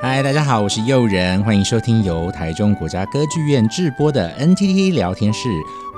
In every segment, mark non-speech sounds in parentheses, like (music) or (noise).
嗨，大家好，我是又仁，歡迎收聽由台中國家歌劇院製播的 NTT 聊天室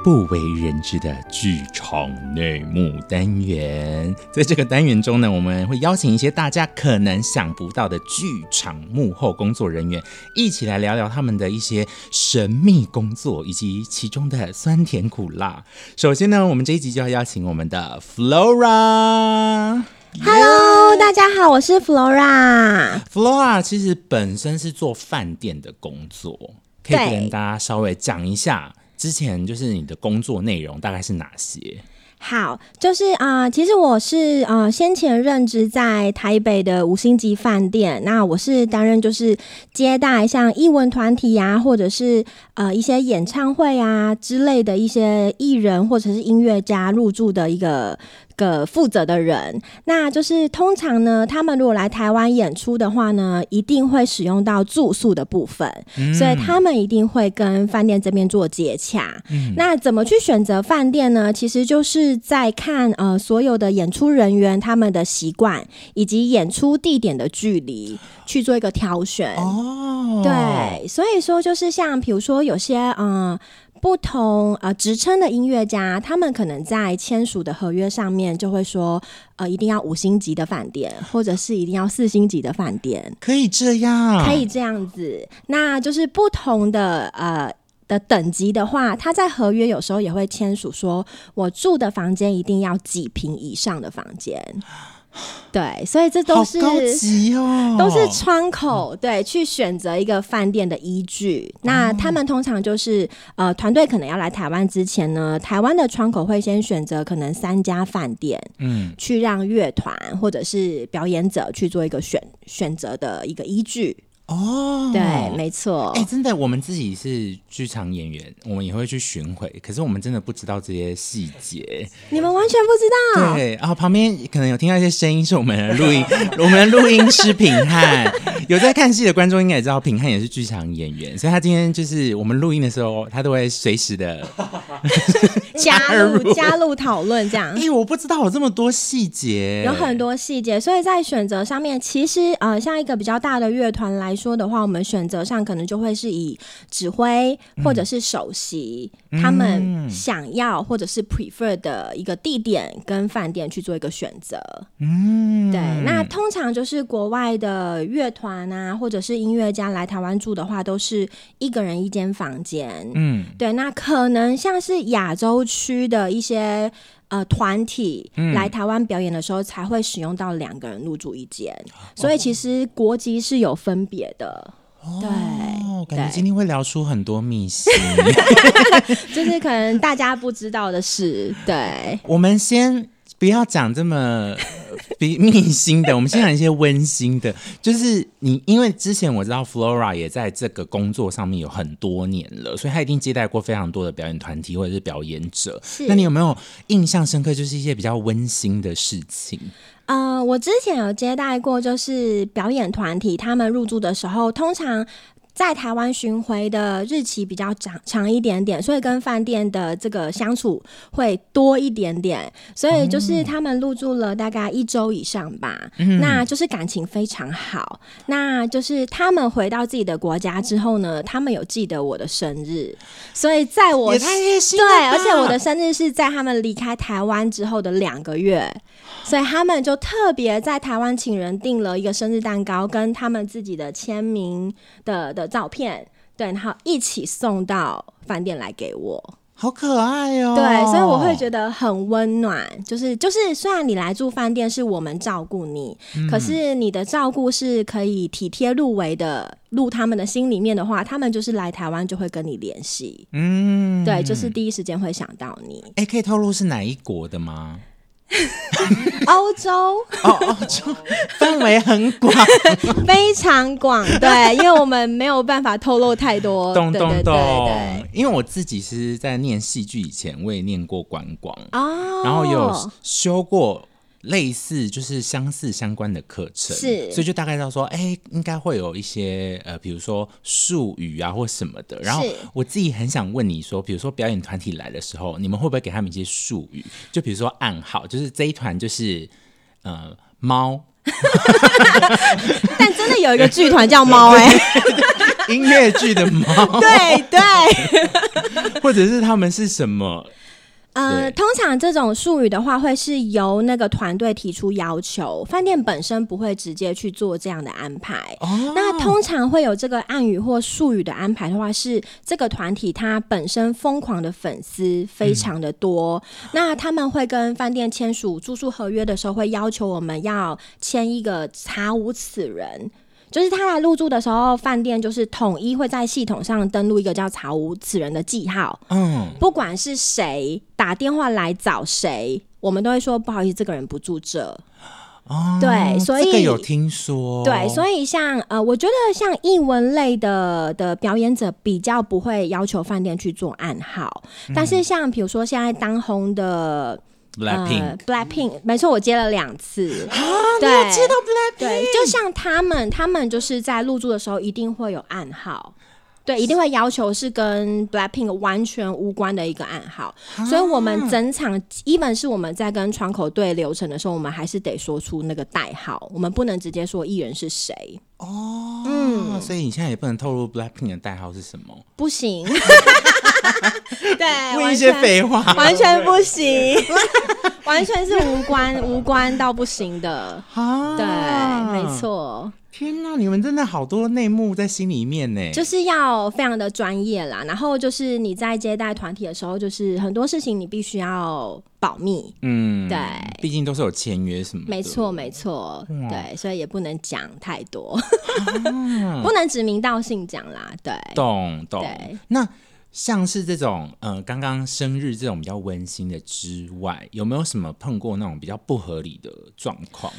不為人知的劇場內幕單元。在這個單元中呢，我們會邀請一些大家可能想不到的劇場幕後工作人員，一起來聊聊他們的一些神秘工作以及其中的酸甜苦辣。首先呢，我們這一集就要邀請我們的 Flora。Hello，yeah! 大家好，我是 Flora。Flora 其實本身是做飯店的工作，可以跟大家稍微講一下之前就是你的工作內容大概是哪些？好，就是啊、呃，其實我是呃先前任職在台北的五星級飯店，那我是擔任就是接待像藝文團體啊，或者是呃一些演唱會啊之類的一些藝人或者是音樂家入住的一個。個負責的人，那就是通常呢，他們如果來台灣演出的話呢，一定會使用到住宿的部分，嗯、所以他們一定會跟飯店這邊做接洽、嗯。那怎麼去選擇飯店呢？其實就是在看呃所有的演出人員他們的習慣以及演出地點的距離去做一個挑選哦。對，所以說就是像比如說有些嗯。呃不同呃職稱的音樂家，他們可能在簽署的合約上面就會說，呃，一定要五星級的飯店，或者是一定要四星級的飯店，可以這樣，可以這樣子。那就是不同的呃的等級的話，他在合約有時候也會簽署說，說我住的房間一定要幾坪以上的房間。對，所以這都是、好高級哦，都是窗口。對，去選擇一個飯店的依據。嗯、那他們通常就是呃，團隊可能要來台灣之前呢，台灣的窗口會先選擇可能三家飯店，嗯，去讓樂團或者是表演者去做一個選選擇的一個依據。哦，對，沒錯。哎、欸，真的，我們自己是劇場演員，我們也會去巡迴，可是我們真的不知道這些細節。你們完全不知道。 (laughs) 對，然、哦、後旁邊可能有聽到一些聲音，是我們錄音， (laughs) 我們錄音師品翰 (laughs) 有在看戲的觀眾應該也知道，品翰也是劇場演員，所以他今天就是我們錄音的時候，他都會隨時的 (laughs) (laughs) 加入加入討論這樣。為、欸、我不知道有這麼多細節，有很多細節，所以在選擇上面，其實呃，像一個比較大的樂團來。說的話，我們選擇上可能就會是以指揮或者是首席他們想要或者是 prefer 的一個地點跟飯店去做一個選擇。嗯，對，那通常就是國外的樂團啊，或者是音樂家來台灣住的話，都是一個人一間房間。嗯，對，那可能像是亞洲區的一些。呃，團體、嗯、來台灣表演的時候，才會使用到兩個人入住一間。哦，所以其實國籍是有分別的。哦對。對，感覺今天會聊出很多秘辛， (laughs) (laughs) 就是可能大家不知道的事。對，我們先不要講這麼。 (laughs) 秘辛的，我們先講一些溫馨的。就是你，因為之前我知道 Flora 也在這個工作上面有很多年了，所以她已經接待過非常多的表演團體或者是表演者。那你有沒有印象深刻？就是一些比較溫馨的事情？呃，我之前有接待過，就是表演團體他們入住的時候，通常。在台灣巡迴的日期比較長長一點點，所以跟飯店的這個相處會多一點點。所以就是他們入住了大概一周以上吧、嗯，那就是感情非常好、嗯。那就是他們回到自己的國家之後呢，他們有記得我的生日，所以在我也對，而且我的生日是在他們離開台灣之後的兩個月。所以他們就特別在台灣請人訂了一個生日蛋糕，跟他們自己的簽名的的照片，對，然後一起送到飯店來給我，好可愛喲、喔。對，所以我會覺得很溫暖，就是就是，雖然你來住飯店是我們照顧你、嗯，可是你的照顧是可以體貼入微的，入他們的心裡面的話，他們就是來台灣就會跟你聯繫，嗯，對，就是第一時間會想到你。哎、欸，可以透露是哪一國的嗎？歐 (laughs) 歐洲哦，歐 (laughs) 洲範圍、oh, (laughs) 圍很廣 (laughs) (laughs) 非常廣，對，因為我們沒有辦法透露太多。 (laughs) 咚咚咚對對對，對，因為我自己是在念戲劇以前，我也念過觀光啊、哦，然後有修過。類似就是相似相關的課程是，所以就大概到說，哎、欸，應該會有一些呃，比如說術語啊或什麼的。然後我自己很想問你說，比如說表演團體來的時候，你們會不會給他們一些術語？就比如說暗號，就是這一團就是呃貓。貓 (laughs) (laughs) 但真的有一個劇團叫貓哎、欸， (laughs) (laughs) 音樂劇的貓。對對。或者是他們是什麼？呃，通常這種術語的話，會是由那個團隊提出要求，飯店本身不會直接去做這樣的安排。哦，那通常會有這個暗語或術語的安排的話，是這個團體它本身瘋狂的粉絲非常的多，嗯，那他們會跟飯店簽署住宿合約的時候，會要求我們要簽一個查無此人。就是他來入住的時候，飯店，就是統一會在系統上登錄一個叫“查無此人”的記號。嗯，不管是誰打電話來找誰，我們都會說不好意思，這個人不住這。嗯、對，所以、這個、有聽說。對，所以像呃，我覺得像藝文類的的表演者比較不會要求飯店去做暗號，嗯、但是像比如說現在當紅的。Black Pink，呃、Black Pink，沒錯，我接了兩次啊，對，接到 Black Pink，就像他們，他們就是在入住的時候一定會有暗號。對，一定會要求是跟 Blackpink 完全無關的一個暗號，啊、所以我們整場，even 是我們在跟窗口對流程的時候，我們還是得說出那個代號，我們不能直接說藝人是誰。哦，嗯，所以你現在也不能透露 Blackpink 的代號是什麼？不行。 (laughs) (laughs) 對，問一些廢話完，完全不行。 (laughs) 完全是無關 (laughs) 無關到不行的啊！對，沒錯。天哪、啊，你們真的好多內幕在心裡面呢。就是要非常的專業啦，然後就是你在接待團體的時候，就是很多事情你必須要保密。嗯，對，畢竟都是有簽約什麼的。沒錯，沒錯，對，所以也不能講太多 (laughs) 啊，不能指名道姓講啦。對，懂，懂。那。像是這種，呃，剛剛生日這種比較溫馨的之外，有沒有什麼碰過那種比較不合理的狀況？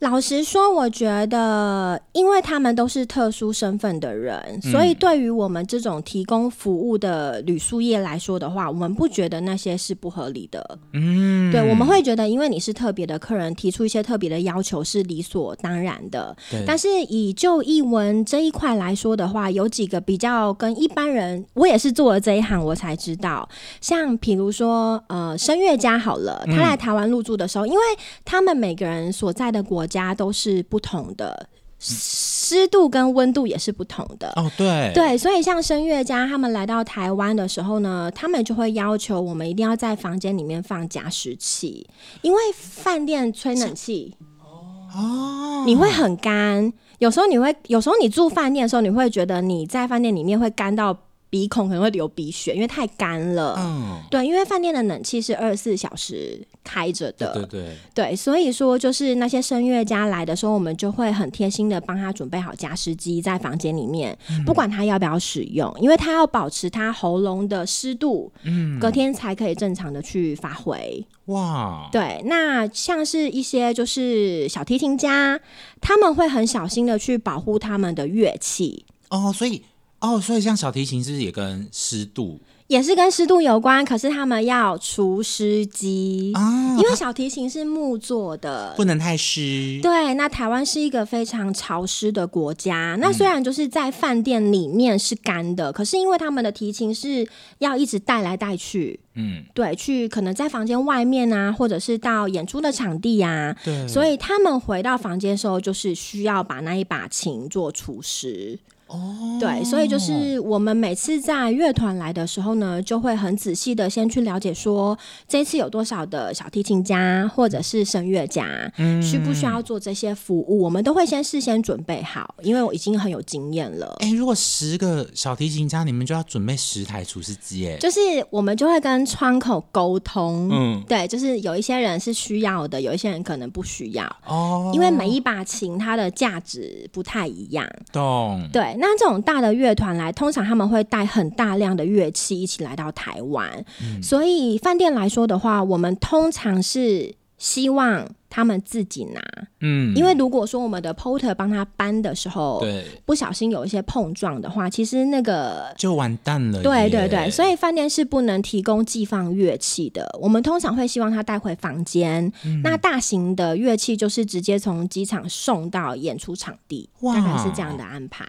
老實說，我覺得，因為他們都是特殊身份的人、嗯，所以對於我們這種提供服務的旅宿業來說的話，我們不覺得那些是不合理的。嗯，對，我們會覺得，因為你是特別的客人，提出一些特別的要求是理所當然的。對。但是以就藝文這一塊來說的話，有幾個比較跟一般人，我也是做了這一行，我才知道，像比如說，呃，聲樂家好了，他來台灣入住的時候，嗯、因為他們每個人所在的國。家都是不同的，濕度跟溫度也是不同的哦。對對，所以像聲樂家他們來到台灣的時候呢，他們就會要求我們一定要在房間裡面放加濕器，因為飯店吹冷氣哦哦，你會很乾。有時候你會，有時候你住飯店的時候，你會覺得你在飯店裡面會乾到。鼻孔可能會流鼻血，因為太乾了。嗯，對，因為飯店的冷氣是二十四小時開着的。對對對，對，所以說就是那些聲樂家來的時候，我們就會很貼心的幫他準備好加濕機在房間裡面，嗯，不管他要不要使用，因為他要保持他喉嚨的濕度，嗯，隔天才可以正常的去發揮。哇，對，那像是一些就是小提琴家，他們會很小心的去保護他們的樂器。哦，所以。哦、oh，所以像小提琴是不是也跟濕度也是跟濕度有關？可是他們要除濕機啊，oh, 因為小提琴是木做的，不能太濕。對，那台灣是一個非常潮濕的國家。那雖然就是在飯店裡面是乾的，嗯，可是因為他們的提琴是要一直帶來帶去，嗯，對，去可能在房間外面啊，或者是到演出的場地啊。對，所以他們回到房間的時候，就是需要把那一把琴做除濕。哦、oh，對，所以就是我們每次在樂團來的時候呢，就會很仔細的先去了解說，說這一次有多少的小提琴家或者是聲樂家、嗯，需不需要做這些服務，我們都會先事先準備好，因為我已經很有經驗了。哎，如果十個小提琴家，你們就要準備十台除濕機？哎，就是我們就會跟窗口溝通，嗯，對，就是有一些人是需要的，有一些人可能不需要哦，oh, 因為每一把琴它的價值不太一樣，懂？對。那這種大的樂團來，通常他們會帶很大量的樂器一起來到台灣，嗯，所以飯店來說的話，我們通常是希望他們自己拿，嗯，因為如果說我們的 porter 幫他搬的時候，對，不小心有一些碰撞的話，其實那個就完蛋了。對對對，所以飯店是不能提供寄放樂器的。我們通常會希望他帶回房間，嗯。那大型的樂器就是直接從機場送到演出場地，大概是這樣的安排。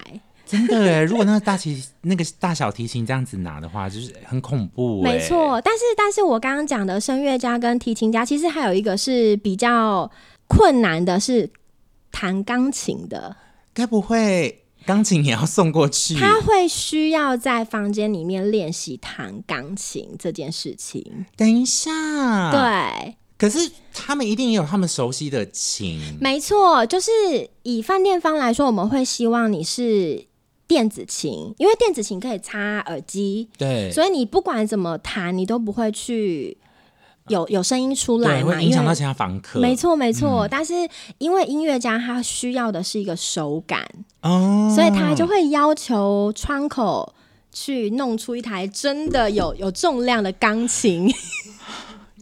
真的欸，如果那個大提 (laughs) 那個大小提琴這樣子拿的話，就是很恐怖欸。沒錯，但是但是我剛剛講的聲樂家跟提琴家，其實還有一個是比較困難的，是彈鋼琴的。該不會鋼琴也要送過去？他會需要在房間裡面練習彈鋼琴這件事情。等一下，對。可是他們一定也有他們熟悉的琴。沒錯，就是以飯店方來說，我們會希望你是。電子琴，因為電子琴可以插耳機，對，所以你不管怎麼彈，你都不會去有有聲音出來嘛，會影響到其他房客。因為，沒錯，沒錯、嗯。但是因為音樂家他需要的是一個手感，哦，所以他就會要求窗口去弄出一台真的有有重量的鋼琴。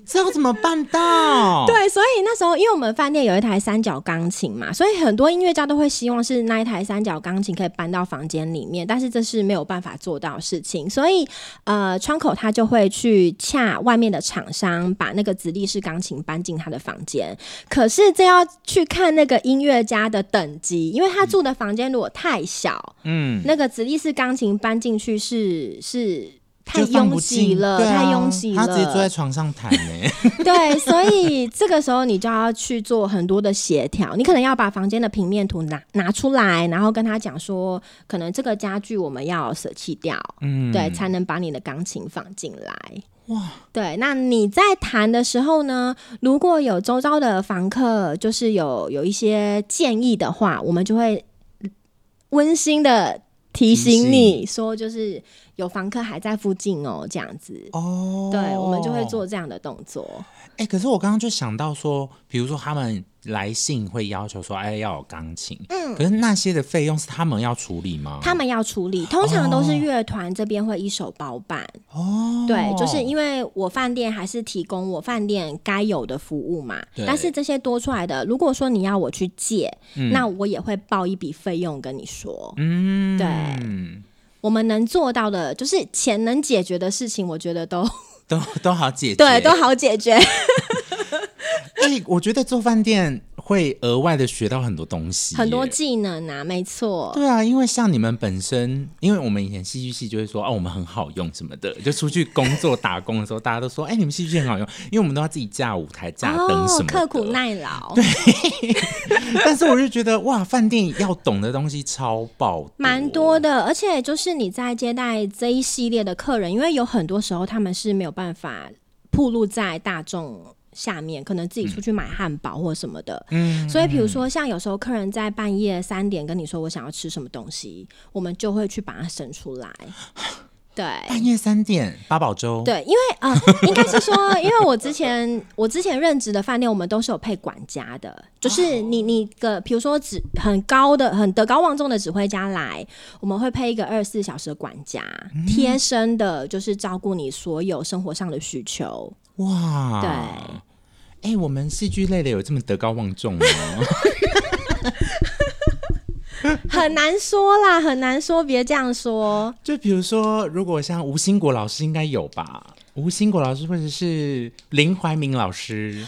這要怎麼辦到？ (laughs) 對，所以那時候，因為我們飯店有一台三角鋼琴嘛，所以很多音樂家都會希望是那一台三角鋼琴可以搬到房間裡面，但是這是沒有辦法做到的事情。所以，呃，窗口他就會去洽外面的廠商，把那個直立式鋼琴搬進他的房間。可是這要去看那個音樂家的等級，因為他住的房間如果太小，嗯，那個直立式鋼琴搬進去是是。太擁擠了，啊、太擁擠了。他自己坐在床上彈呢。對，所以這個時候你就要去做很多的協調。 (laughs) 你可能要把房間的平面圖拿拿出來，然後跟他講說，可能這個家具我們要捨棄掉，嗯，對，才能把你的鋼琴放進來。哇，對。那你在彈的時候呢？如果有周遭的房客，就是有有一些建議的話，我們就會溫馨的提醒你說，就是。有房客還在附近哦，這樣子哦，對，我們就會做這樣的動作。哎、欸，可是我剛剛就想到說，比如說他們來信會要求說，哎，要有鋼琴，嗯，可是那些的費用是他們要處理嗎？他們要處理，通常都是樂團這邊會一手包辦哦。對，就是因為我飯店還是提供我飯店該有的服務嘛，但是這些多出來的，如果說你要我去借，嗯、那我也會報一筆費用跟你說，嗯，對，嗯。我們能做到的，就是錢能解決的事情，我覺得都都都好解決，對，都好解決 (laughs) 、欸，所以我覺得做飯店。會額外的學到很多東西，很多技能啊，沒錯。對啊，因為像你們本身，因為我們以前戲劇系就會說啊、哦，我們很好用什麼的，就出去工作 (laughs) 打工的時候，大家都說哎、欸，你們戲劇很好用，因為我們都要自己架舞台、架燈什麼、哦、刻苦耐勞。對。 (laughs) 但是我就覺得哇，飯 (laughs) 店要懂的東西超爆，蠻多的。而且就是你在接待這一系列的客人，因為有很多時候他們是沒有辦法暴露在大眾。下面可能自己出去買漢堡或什麼的，嗯，所以比如說像有時候客人在半夜三點跟你說，我想要吃什麼東西，我們就會去把它生出來。對，半夜三點八寶粥。對，因為呃，應該是說， (laughs) 因為我之前我之前任職的飯店，我們都是有配管家的，就是你你個比如說指很高的、很德高望重的指揮家來，我們會配一個二十四小時的管家，貼身的，就是照顧你所有生活上的需求。哇！對，哎、欸，我們戲劇類的有這麼德高望重嗎？ (laughs) 很難說啦，很難說，別這樣說。就比如說，如果像吳興國老師應該有吧，吳興國老師或者是林懷民老師。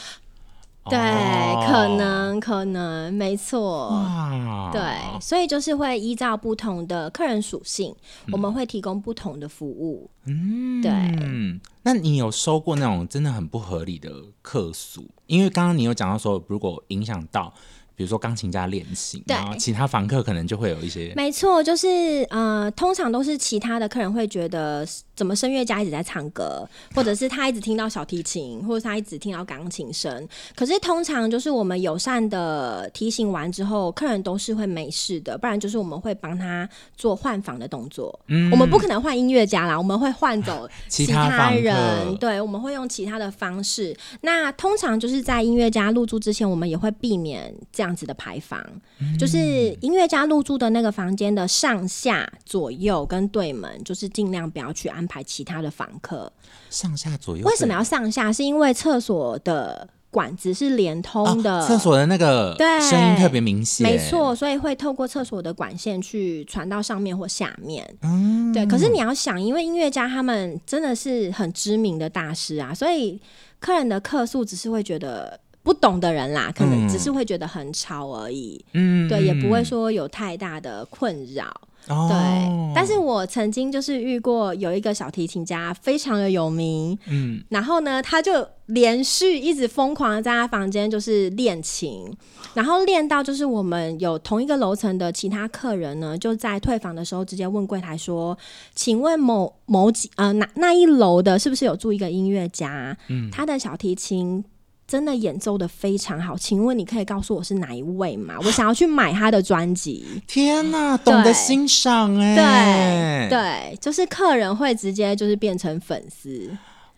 對、哦，可能可能沒錯、啊，對，所以就是會依照不同的客人屬性、嗯，我們會提供不同的服務。嗯，對，嗯，那你有收過那種真的很不合理的客訴？因為剛剛你有講到說，如果影響到。比如說鋼琴家練習，對，然後其他房客可能就會有一些，沒錯，就是呃，通常都是其他的客人會覺得，怎麼聲樂家一直在唱歌，或者是他一直聽到小提琴， (laughs) 或者他一直聽到鋼琴聲。可是通常就是我們友善的提醒完之後，客人都是會沒事的，不然就是我們會幫他做換房的動作。嗯，我們不可能換音樂家啦，我們會換走其他人，其他房客，對，我們會用其他的方式。那通常就是在音樂家入住之前，我們也會避免這樣。這樣子的排房，嗯，就是音樂家入住的那個房間的上下左右跟對門，就是盡量不要去安排其他的房客。上下左右為什麼要上下？是因為廁所的管子是連通的，哦、廁所的那個聲音特別明顯，沒錯，所以會透過廁所的管線去傳到上面或下面。嗯，對。可是你要想，因為音樂家他們真的是很知名的大師啊，所以客人的客訴只是會覺得。不懂的人啦，可能只是會覺得很吵而已。嗯，對，也不會說有太大的困擾，嗯。對，哦，但是我曾經就是遇過有一個小提琴家非常的有名。嗯，然後呢，他就連續一直瘋狂的在他房間就是練琴，然後練到就是我們有同一個樓層的其他客人呢，就在退房的時候直接問櫃台說：“請問某某幾呃哪那，那一樓的，是不是有住一個音樂家？嗯，他的小提琴。”真的演奏得非常好，請問你可以告訴我是哪一位嗎？我想要去買他的專輯。天哪，懂得欣賞哎，對，對，就是客人會直接就是變成粉絲。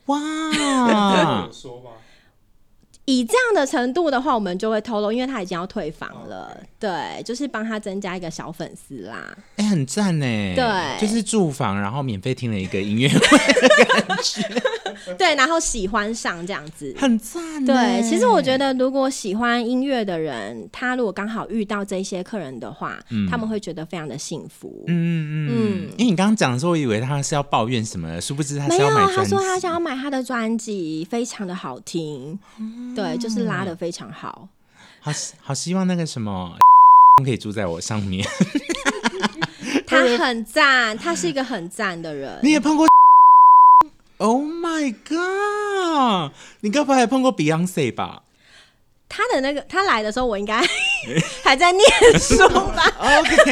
哇。 (laughs) 以這樣的程度的話，我們就會透露，因為他已經要退房了，oh, okay. 對，就是幫他增加一個小粉絲啦。哎、欸，很讚呢。對，就是住房，然後免費聽了一個音樂會的感覺， (laughs) (laughs) 對，然後喜歡上這樣子，很讚。對，其實我覺得，如果喜歡音樂的人，他如果剛好遇到這些客人的話、嗯，他們會覺得非常的幸福。嗯嗯嗯，因為你剛剛講的時候，我以為他是要抱怨什麼的，殊不知他是要買專輯沒有，他說他想要買他的專輯，非常的好聽。嗯對，就是拉的非常好，嗯、好好希望那個什麼，可以住在我上面。 (laughs) 他很讚，okay. 他是一個很讚的人。你也碰過、XX、？Oh my god！你該不會還碰過 Beyonce 吧？他的那個，他來的時候我應該還在念書吧 (laughs) (laughs) ？OK，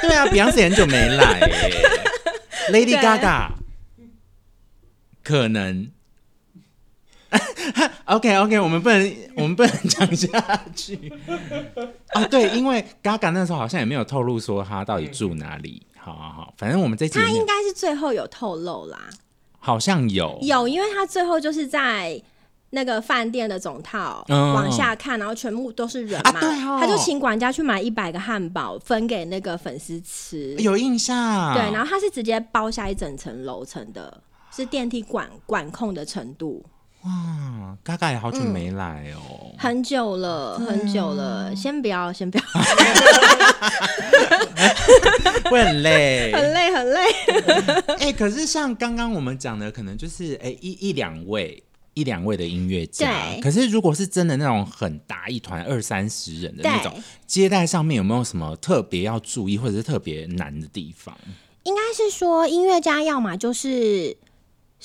對啊，Beyonce 很久沒來。Lady Gaga，可能。 (laughs) OK OK，我們不能 (laughs) 我們不能講下去啊、哦。對，因為嘎嘎那時候好像也沒有透露說他到底住哪裡。好好好，反正我們這幾他應該是最後有透露啦，好像有有，因為他最後就是在那個飯店的總套、哦、往下看，然後全部都是人嘛。啊、對、哦、他就請管家去買一百個漢堡分給那個粉絲吃，有印象。對，然後他是直接包下一整層樓層的，是電梯管管控的程度。哇，嘎嘎也好久沒來哦，嗯、很久了，很久了，嗯。先不要，先不要，會。 (laughs) (laughs) (laughs) 欸，很累，很累，很累。哎，欸，可是像剛剛我們講的，可能就是哎，欸，一一兩位，一兩位的音樂家。可是如果是真的那種很大一團二三十人的那種接待，上面有沒有什麼特別要注意，或者是特別難的地方？應該是說，音樂家要嘛就是。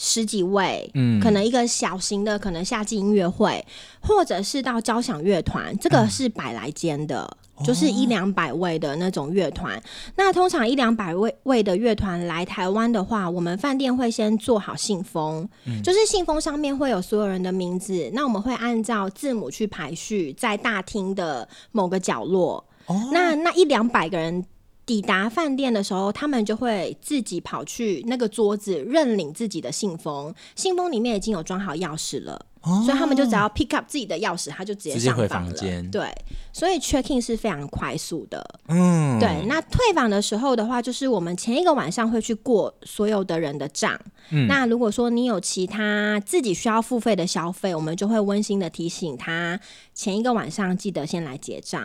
十幾位，嗯、可能一個小型的，可能夏季音樂會，或者是到交響樂團，這個是百來間的，啊、就是一兩百位的那種樂團。哦、那通常一兩百位位的樂團來台灣的話，我們飯店會先做好信封，嗯、就是信封上面會有所有人的名字，那我們會按照字母去排序，在大廳的某個角落。哦、那那一兩百個人。抵達飯店的時候，他們就會自己跑去那個桌子認領自己的信封，信封裡面已經有裝好鑰匙了。哦，所以他們就只要 pick up 自己的鑰匙，他就直接上房間。對，所以 checking 是非常快速的。嗯，對。那退房的時候的話，就是我們前一個晚上會去過所有的人的賬、嗯。那如果說你有其他自己需要付費的消費，我們就會溫馨的提醒他，前一個晚上記得先來結賬。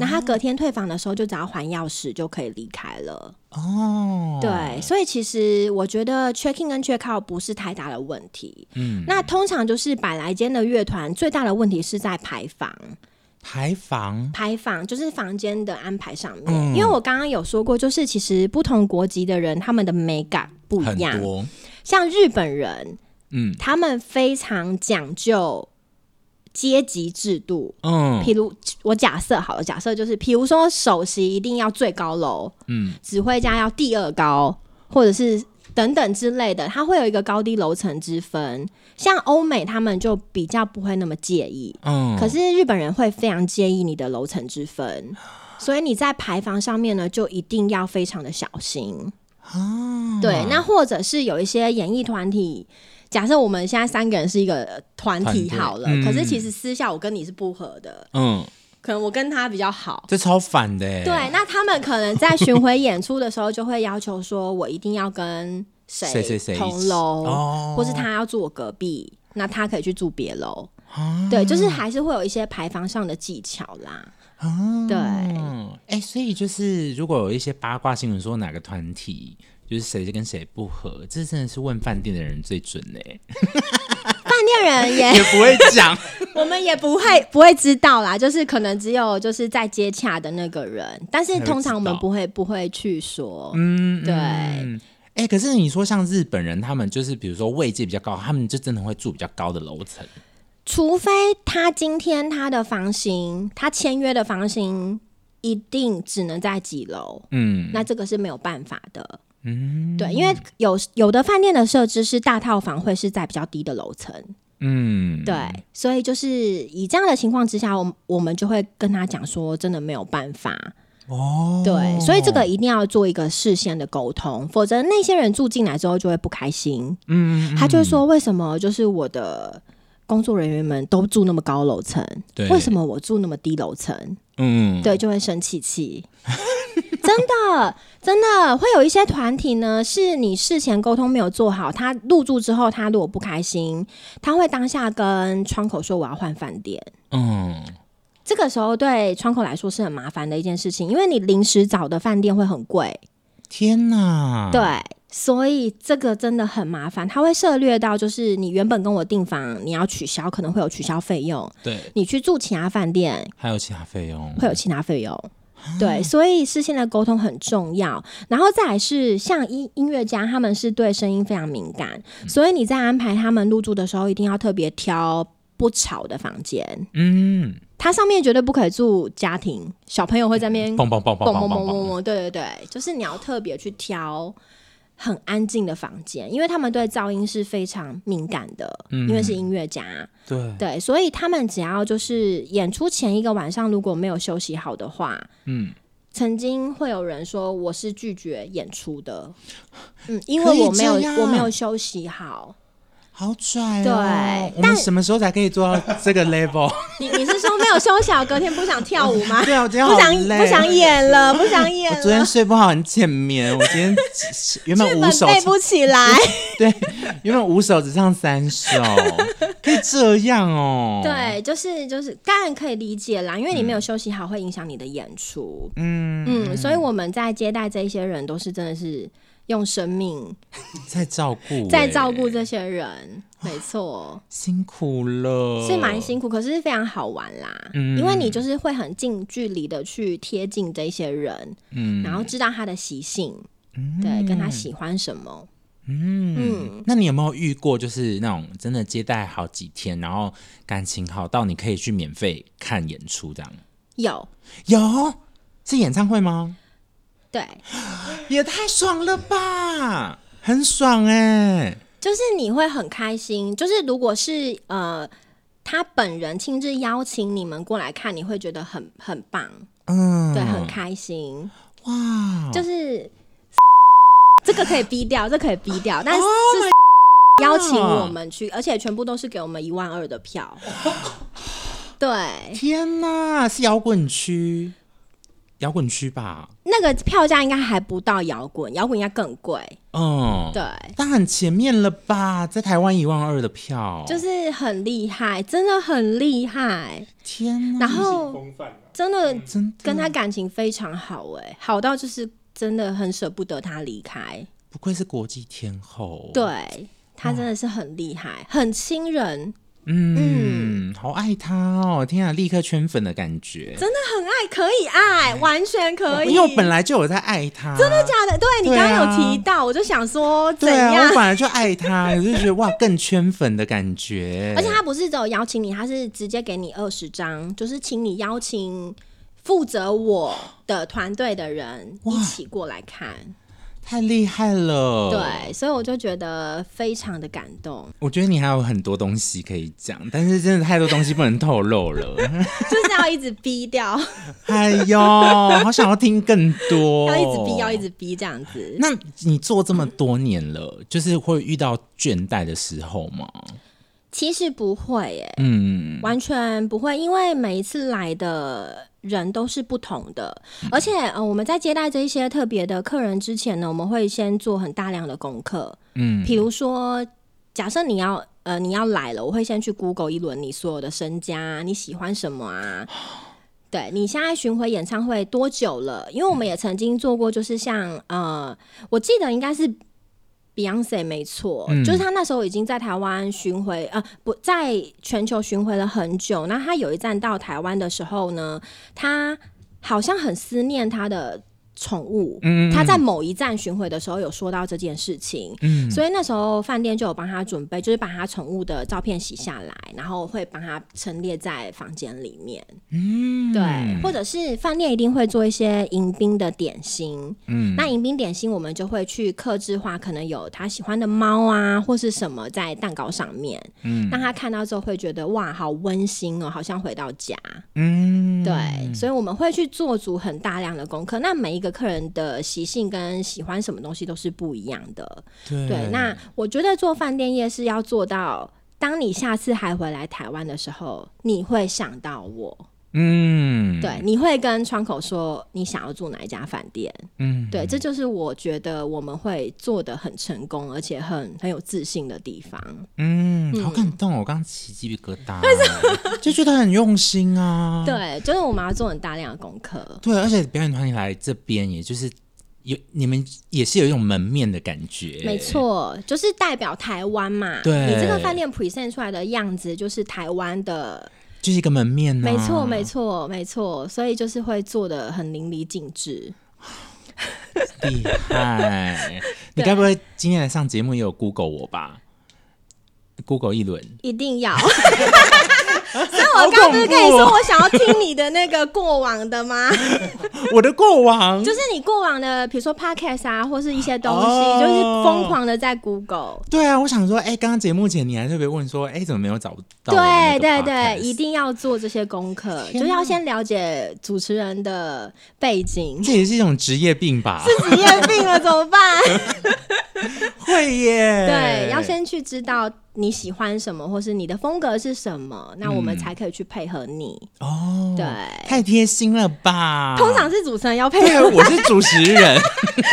那他隔天退房的時候，就只要還鑰匙就可以離開了。哦，對，所以其實我覺得 check in 跟 check out 不是太大的問題。嗯，那通常就是百來間的樂團，最大的問題是在排房。排房，排房就是房間的安排上面。嗯、因為我剛剛有說過，就是其實不同國籍的人他們的美感不一樣。像日本人，嗯，他們非常講究。階級制度，嗯，譬如我假設好了，假設就是，譬如說首席一定要最高樓，嗯，指揮家要第二高，或者是等等之類的，他會有一個高低樓層之分。像歐美他們就比較不會那麼介意，嗯，可是日本人會非常介意你的樓層之分，所以你在排房上面呢，就一定要非常的小心，啊，對，那或者是有一些演藝團體。假設我們現在三個人是一個團體好了，嗯，可是其實私下我跟你是不合的，嗯，可能我跟他比較好，這超反的。對，那他們可能在巡迴演出的時候就會要求說，我一定要跟誰誰誰同樓，哦或是他要住我隔壁，那他可以去住別樓。哦、對，就是還是會有一些排房上的技巧啦。啊，哦，對，哎，所以就是如果有一些八卦新聞說哪個團體。就是誰跟誰不合，這真的是問飯店的人最準嘞、欸。飯 (laughs) 店人也 (laughs) 也不會講， (laughs) 我們也不會不會知道啦。就是可能只有就是在接洽的那個人，但是通常我們不會，會不會去說。嗯，對。哎、嗯欸，可是你說像日本人，他們就是比如說位置比較高，他們就真的會住比較高的樓層，除非他今天他的房型，他簽約的房型一定只能在幾樓。嗯，那這個是沒有辦法的。對，因為有有的飯店的設置是大套房會是在比較低的樓層，嗯，對，所以就是以這樣的情況之下，我我們就會跟他講說，真的沒有辦法哦，對，所以這個一定要做一個事先的溝通，否則那些人住進來之後就會不開心，嗯，嗯，他就說為什麼就是我的。工作人員們都住那麼高樓層，對，為什麼我住那麼低樓層？嗯，對，就會生氣氣。 (laughs) 真的，真的會有一些團體呢，是你事前溝通沒有做好，他入住之後，他如果不開心，他會當下跟窗口說我要換飯店。嗯，這個時候對窗口來說是很麻煩的一件事情，因為你臨時找的飯店會很貴。天哪！對。所以這個真的很麻煩，他會涉略到，就是你原本跟我訂房，你要取消可能會有取消費用。對，你去住其他飯店，還有其他費用，會有其他費用、啊。對，所以事先的溝通很重要。然後再來是像音音樂家，他們是對聲音非常敏感，嗯，所以你在安排他們入住的時候，一定要特別挑不吵的房間。嗯，它上面絕對不可以住家庭小朋友，會在那邊蹦蹦蹦蹦蹦蹦蹦蹦，對對對，就是你要特別去挑。很安靜的房間，因為他們對噪音是非常敏感的，嗯，因為是音樂家，對對，所以他們只要就是演出前一個晚上如果沒有休息好的話，嗯，曾經會有人說我是拒絕演出的，啊、嗯，因為我沒有我沒有休息好。好帥哦！對，我們什麼時候才可以做到這個 level？你你是說沒有休息 (laughs) 隔天不想跳舞嗎？對啊，不想演，不想演了，不想演了。我昨天睡不好，很淺眠。我今天 (laughs) 原本五首背不起來，對，對原本五首只唱三首，可以這樣哦。對，就是就是，當然可以理解啦，因為你沒有休息好，會影響你的演出。嗯嗯，所以我們在接待這一些人，都是真的是。用生命 (laughs) 在照顧、欸，在照顧這些人，沒錯，辛苦了，是蠻辛苦，可是非常好玩啦。嗯，因為你就是會很近距離的去貼近這些人，嗯，然後知道他的習性、嗯，對，跟他喜歡什麼，嗯嗯。那你有沒有遇過，就是那種真的接待好幾天，然後感情好到你可以去免費看演出這樣？有有，是演唱會嗎？對，也太爽了吧！很爽哎、欸，就是你會很開心。就是如果是呃，他本人親自邀請你們過來看，你會覺得很很棒，嗯，對，很開心哇！就是這個可以逼掉，這個、可以逼掉，但是邀請我們去，而且全部都是給我們一萬二的票。對，天哪，是搖滾區。搖滾區吧，那個票價應該還不到搖滾，搖滾應該更貴。嗯，對，但很前面了吧，在台灣一萬二的票，就是很厲害，真的很厲害。天啊，然後、啊、真的、嗯、真的、啊、跟他感情非常好、欸，哎，好到就是真的很捨不得他離開。不愧是國際天後，對他真的是很厲害，很親人。嗯，嗯，好愛他哦！天啊，立刻圈粉的感覺，真的很愛，可以愛，欸、完全可以。因為我本來就有在愛他，真的假的？對你剛剛有提到、對啊，我就想說怎樣？對啊，我本來就愛他， (laughs) 我就覺得哇，更圈粉的感覺。而且他不是只有邀請你，他是直接給你二十張，就是請你邀請負責我的團隊的人一起過來看。太厲害了，對，所以我就覺得非常的感動。我覺得你還有很多東西可以講，但是真的太多東西不能透露了， (laughs) 就是要一直逼掉。 (laughs) 哎呦，好想要聽更多， (laughs) 要一直逼，要一直逼這樣子。那你做這麼多年了，嗯、就是會遇到倦怠的時候嗎？其實不會、欸，耶，嗯，完全不會，因為每一次來的。人都是不同的，而且嗯、呃，我們在接待這一些特別的客人之前呢，我們會先做很大量的功課，嗯，比如說，假設你要呃你要來了，我會先去 Google 一輪你所有的身家，你喜歡什麼啊？哦、對你現在巡回演唱會多久了？因為我們也曾經做過，就是像、嗯、呃，我記得應該是。Beyonce 沒錯，嗯，就是他那時候已經在台灣巡迴，呃，不在全球巡迴了很久。那他有一站到台灣的時候呢，他好像很思念他的寵物，他在某一站巡迴的時候有說到這件事情，嗯、所以那時候飯店就有幫他準備，就是把他寵物的照片洗下來，然後會幫他陳列在房間裡面。嗯，對，或者是飯店一定會做一些迎賓的點心。嗯，那迎賓點心我們就會去客製化，可能有他喜歡的貓啊，或是什麼在蛋糕上面。嗯，讓他看到之後會覺得哇，好溫馨哦，喔，好像回到家。嗯，對，所以我們會去做足很大量的功課。那每一個。客人的習性跟喜歡什麼東西都是不一樣的。對，對，那我覺得做飯店業是要做到，當你下次還回來台灣的時候，你會想到我。嗯，對，你會跟窗口說你想要住哪一家飯店，嗯，對，這就是我覺得我們會做得很成功，而且很很有自信的地方。嗯，好感動哦，嗯，我剛剛起雞皮疙瘩， (laughs) 就覺得很用心啊。對，就是我們要做很大量的功課。對，而且表演團體來這邊，也就是有你們也是有一種門面的感覺，沒錯，就是代表台灣嘛。對，你這個飯店 present 出來的樣子就是台灣的。就是一個門面呢、啊，沒錯沒錯沒錯，所以就是會做得很淋漓盡致，厲 (laughs) 厲害！ (laughs) 你該不會今天來上節目也有 Google 我吧？Google 一輪，一定要。 (laughs) 所以我剛剛不是跟你說，我想要聽你的那個過往的嗎？我的過往就是你過往的，比如說 Podcast 啊，或是一些東西，哦、就是瘋狂的在 Google。對啊，我想說，哎、欸，剛剛節目前你還特別問說，哎、欸，怎麼沒有找到？對對對，一定要做這些功課，啊，就是要先了解主持人的背景。這也是一種職業病吧？是職業病了怎麼辦？ (laughs) (laughs) 會耶，對，要先去知道你喜歡什麼，或是你的風格是什麼，嗯、那我們才可以去配合你哦。對，太貼心了吧？通常是主持人要配合，我是主持人，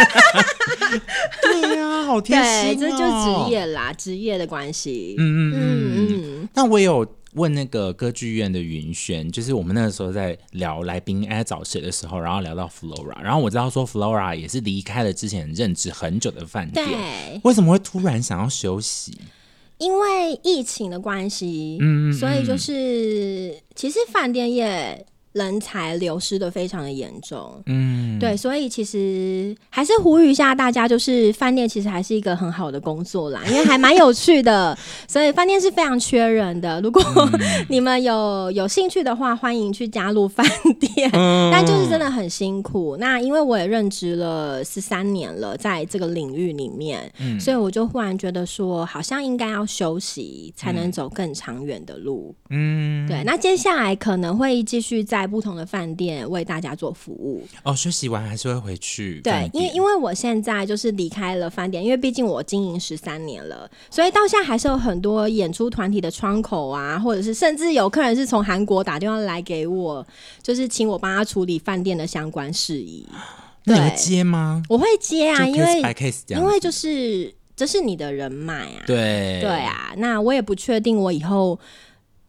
(laughs) (laughs) 對呀，啊，好貼心，哦，這就是職業啦，職業的關係。嗯嗯嗯，嗯嗯，那我有。問那個歌劇院的雲軒，就是我們那個時候在聊來賓在找誰的時候，然後聊到 Flora，然後我知道說 Flora 也是離開了之前任職很久的飯店。對，為什麼會突然想要休息？因為疫情的關係，嗯，所以就是、嗯、其實飯店業。人才流失的非常的嚴重，嗯，對，所以其實還是呼籲一下大家，就是飯店其實還是一個很好的工作啦， (laughs) 因為還蠻有趣的，所以飯店是非常缺人的。如果你們有有興趣的話，歡迎去加入飯店。嗯，但就是真的很辛苦。哦，那因為我也任職了十三年了，在這個領域裡面。嗯，所以我就忽然覺得說，好像應該要休息，才能走更長遠的路。嗯，對，那接下來可能會繼續在。在不同的飯店為大家做服務哦，休息完還是會回去。對，因為因為我現在就是離開了飯店，因為畢竟我經營十三年了，所以到現在還是有很多演出團體的窗口啊，或者是甚至有客人是從韓國打電話來給我，就是請我幫他處理飯店的相關事宜。你會接嗎？我會接啊，因為因為就是這是你的人脈啊，對對啊。那我也不確定我以後。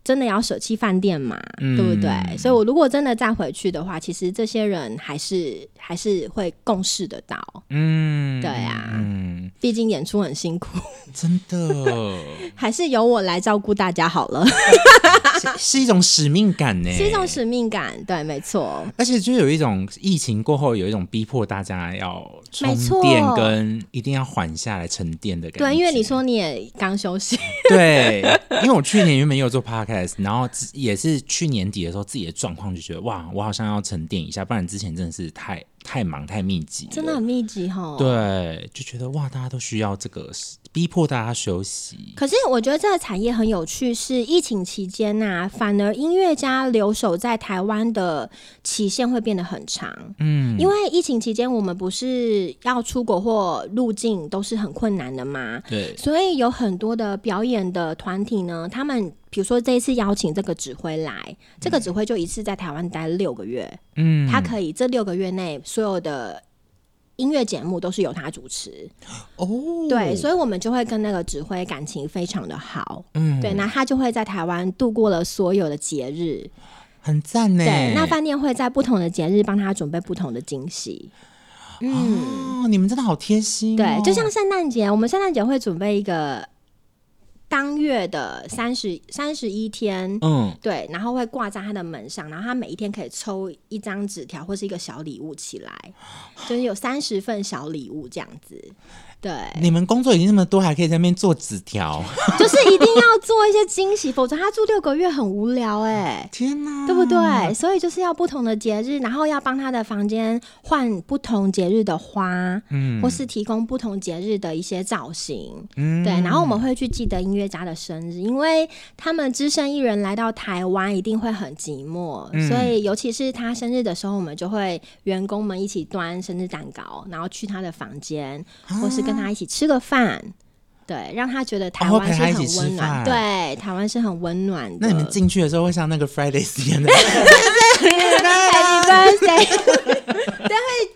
真的要舍棄飯店嘛？嗯、對不對？所以，我如果真的再回去的話，其實這些人還是。還是會共事得到，嗯，對啊，嗯，畢竟演出很辛苦，真的， (laughs) 還是由我來照顧大家好了 (laughs) 是，是一種使命感呢？是一種使命感，對，沒錯，而且就有一種疫情過後有一種逼迫大家要充電跟一定要緩下來沉澱的感覺，對，因為你說你也剛休息， (laughs) 對，因為我去年原本有做 podcast，然後也是去年底的時候自己的狀況就覺得哇，我好像要沉澱一下，不然之前真的是太。太忙太密集，真的很密集哈、哦。對，就覺得哇，大家都需要這個。逼迫大家休息。可是我覺得這個產業很有趣，是疫情期間吶、啊，反而音樂家留守在台灣的期限會變得很長。嗯，因為疫情期間我們不是要出國或入境都是很困難的嗎？對，所以有很多的表演的團體呢，他們比如說這一次邀請這個指揮來，這個指揮就一次在台灣待六個月。嗯，他可以這六個月內所有的。音樂節目都是由他主持哦，oh, 對，所以我們就會跟那個指揮感情非常的好，嗯，對，那他就會在台灣度過了所有的節日，很讚呢。對，那飯店會在不同的節日幫他準備不同的驚喜，oh, 嗯，你們真的好貼心、哦，對，就像聖誕節，我們聖誕節會準備一個。當月的三十三十一天，嗯，對，然後會掛在他的門上，然後他每一天可以抽一張紙條或是一個小禮物起來，就是有三十份小禮物這樣子。對，你們工作已經那麼多，還可以在那邊做紙條， (laughs) 就是一定要做一些驚喜， (laughs) 否則他住六個月很無聊哎、欸。天哪、啊，對不對？所以就是要不同的節日，然後要幫他的房間換不同節日的花，嗯，或是提供不同節日的一些造型，嗯，對。然後我們會去記得音樂家的生日，嗯、因為他們只身一人來到台灣，一定會很寂寞、嗯，所以尤其是他生日的時候，我們就會員工們一起端生日蛋糕，然後去他的房間、啊，或是跟。跟他一起吃個飯，對，讓他覺得台灣是很溫暖、哦啊。對，台灣是很溫暖的。那你們進去的時候會像那個 Friday 一樣的，你們就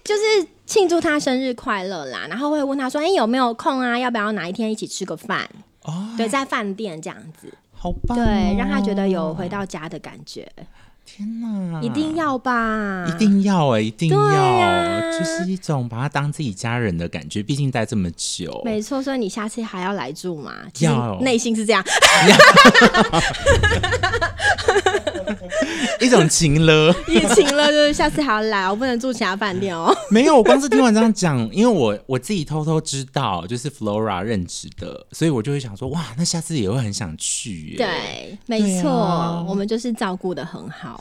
就是慶祝他生日快樂啦。然後會問他說：“哎、欸，有沒有空啊？要不要哪一天一起吃個飯？”哦、哎，對，在飯店這樣子，好棒、哦。對，讓他覺得有回到家的感覺。天吶，一定要吧，一定要哎、欸，一定要、啊，就是一種把他當自己家人的感覺，畢竟待這麼久。沒錯，所以你下次還要來住嘛？要，內心是這樣。 (laughs) (laughs) 一種情了，也情了，就是下次還要來，我不能住其他飯店哦、喔。 (laughs) 沒有，我光是聽完這樣講，因為我我自己偷偷知道，就是 Flora 任職的，所以我就會想說，哇，那下次也會很想去、欸。對，沒錯、啊，我們就是照顧得很好。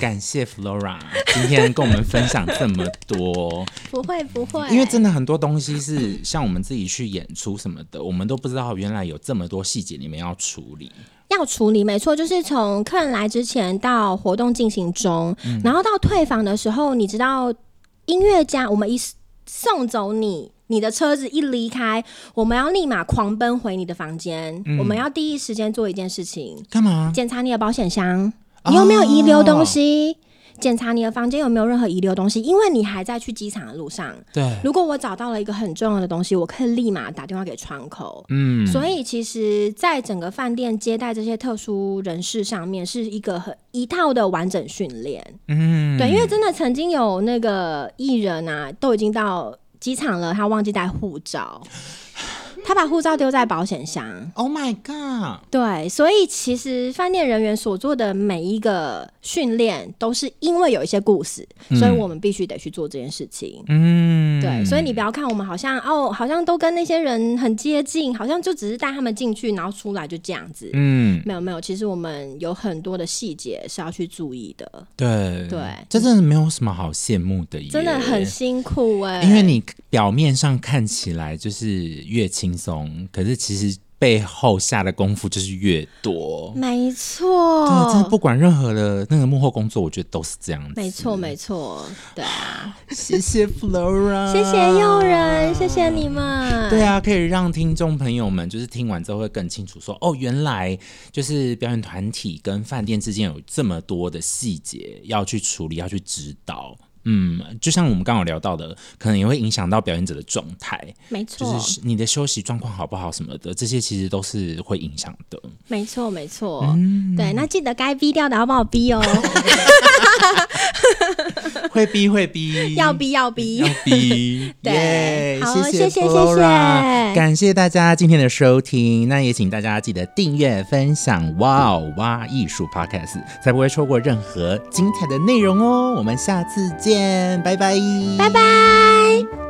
感謝 Flora 今天跟我們分享這麼多，不會不會，因為真的很多東西是像我們自己去演出什麼的，我們都不知道原來有這麼多細節，你們要處理，要處理，沒錯，就是從客人來之前到活動進行中，嗯、然後到退房的時候，你知道音樂家我們一送走你，你的車子一離開，我們要立馬狂奔回你的房間，嗯、我們要第一時間做一件事情，幹嘛？檢查你的保險箱。你有沒有遺留東西？Oh. 檢查你的房間有沒有任何遺留東西，因為你還在去機場的路上。對，如果我找到了一個很重要的東西，我可以立馬打電話給窗口。嗯，所以其實，在整個飯店接待這些特殊人士上面，是一個很一套的完整訓練。嗯，對，因為真的曾經有那個藝人啊，都已經到機場了，他忘記帶護照。 (laughs) 他把護照丟在保險箱。Oh my god！對，所以其實飯店人員所做的每一個訓練，都是因為有一些故事，嗯、所以我們必須得去做這件事情。嗯，對。所以你不要看我們好像哦，好像都跟那些人很接近，好像就只是帶他們進去，然後出來就這樣子。嗯，沒有沒有，其實我們有很多的細節是要去注意的。對對，這真的沒有什麼好羨慕的，真的很辛苦哎。因為你表面上看起來就是月清輕鬆，可是其實背後下的功夫就是越多，沒錯。對，不管任何的那個幕後工作，我覺得都是這樣子，沒錯，沒錯，對啊。 (laughs) 謝謝 Flora，謝謝又仁，謝謝你們。對啊，可以讓聽眾朋友們就是聽完之後會更清楚說，說哦，原來就是表演團體跟飯店之間有這麼多的細節要去處理，要去指導。嗯，就像我們剛剛聊到的，可能也會影響到表演者的狀態，沒錯，就是你的休息狀況好不好，什麼的，這些其實都是會影響的。沒錯，沒錯、嗯，對，那記得該逼掉的要幫我逼哦， (laughs) (laughs) 會逼會逼，要逼要逼要逼， (laughs) yeah, (laughs) 對，好，謝謝，謝謝，謝謝，感謝大家今天的收聽，那也請大家記得訂閱、分享 WOW 挖藝術 Podcast，嗯、才不會錯過任何精彩的內容哦。我們下次見。拜拜，拜拜。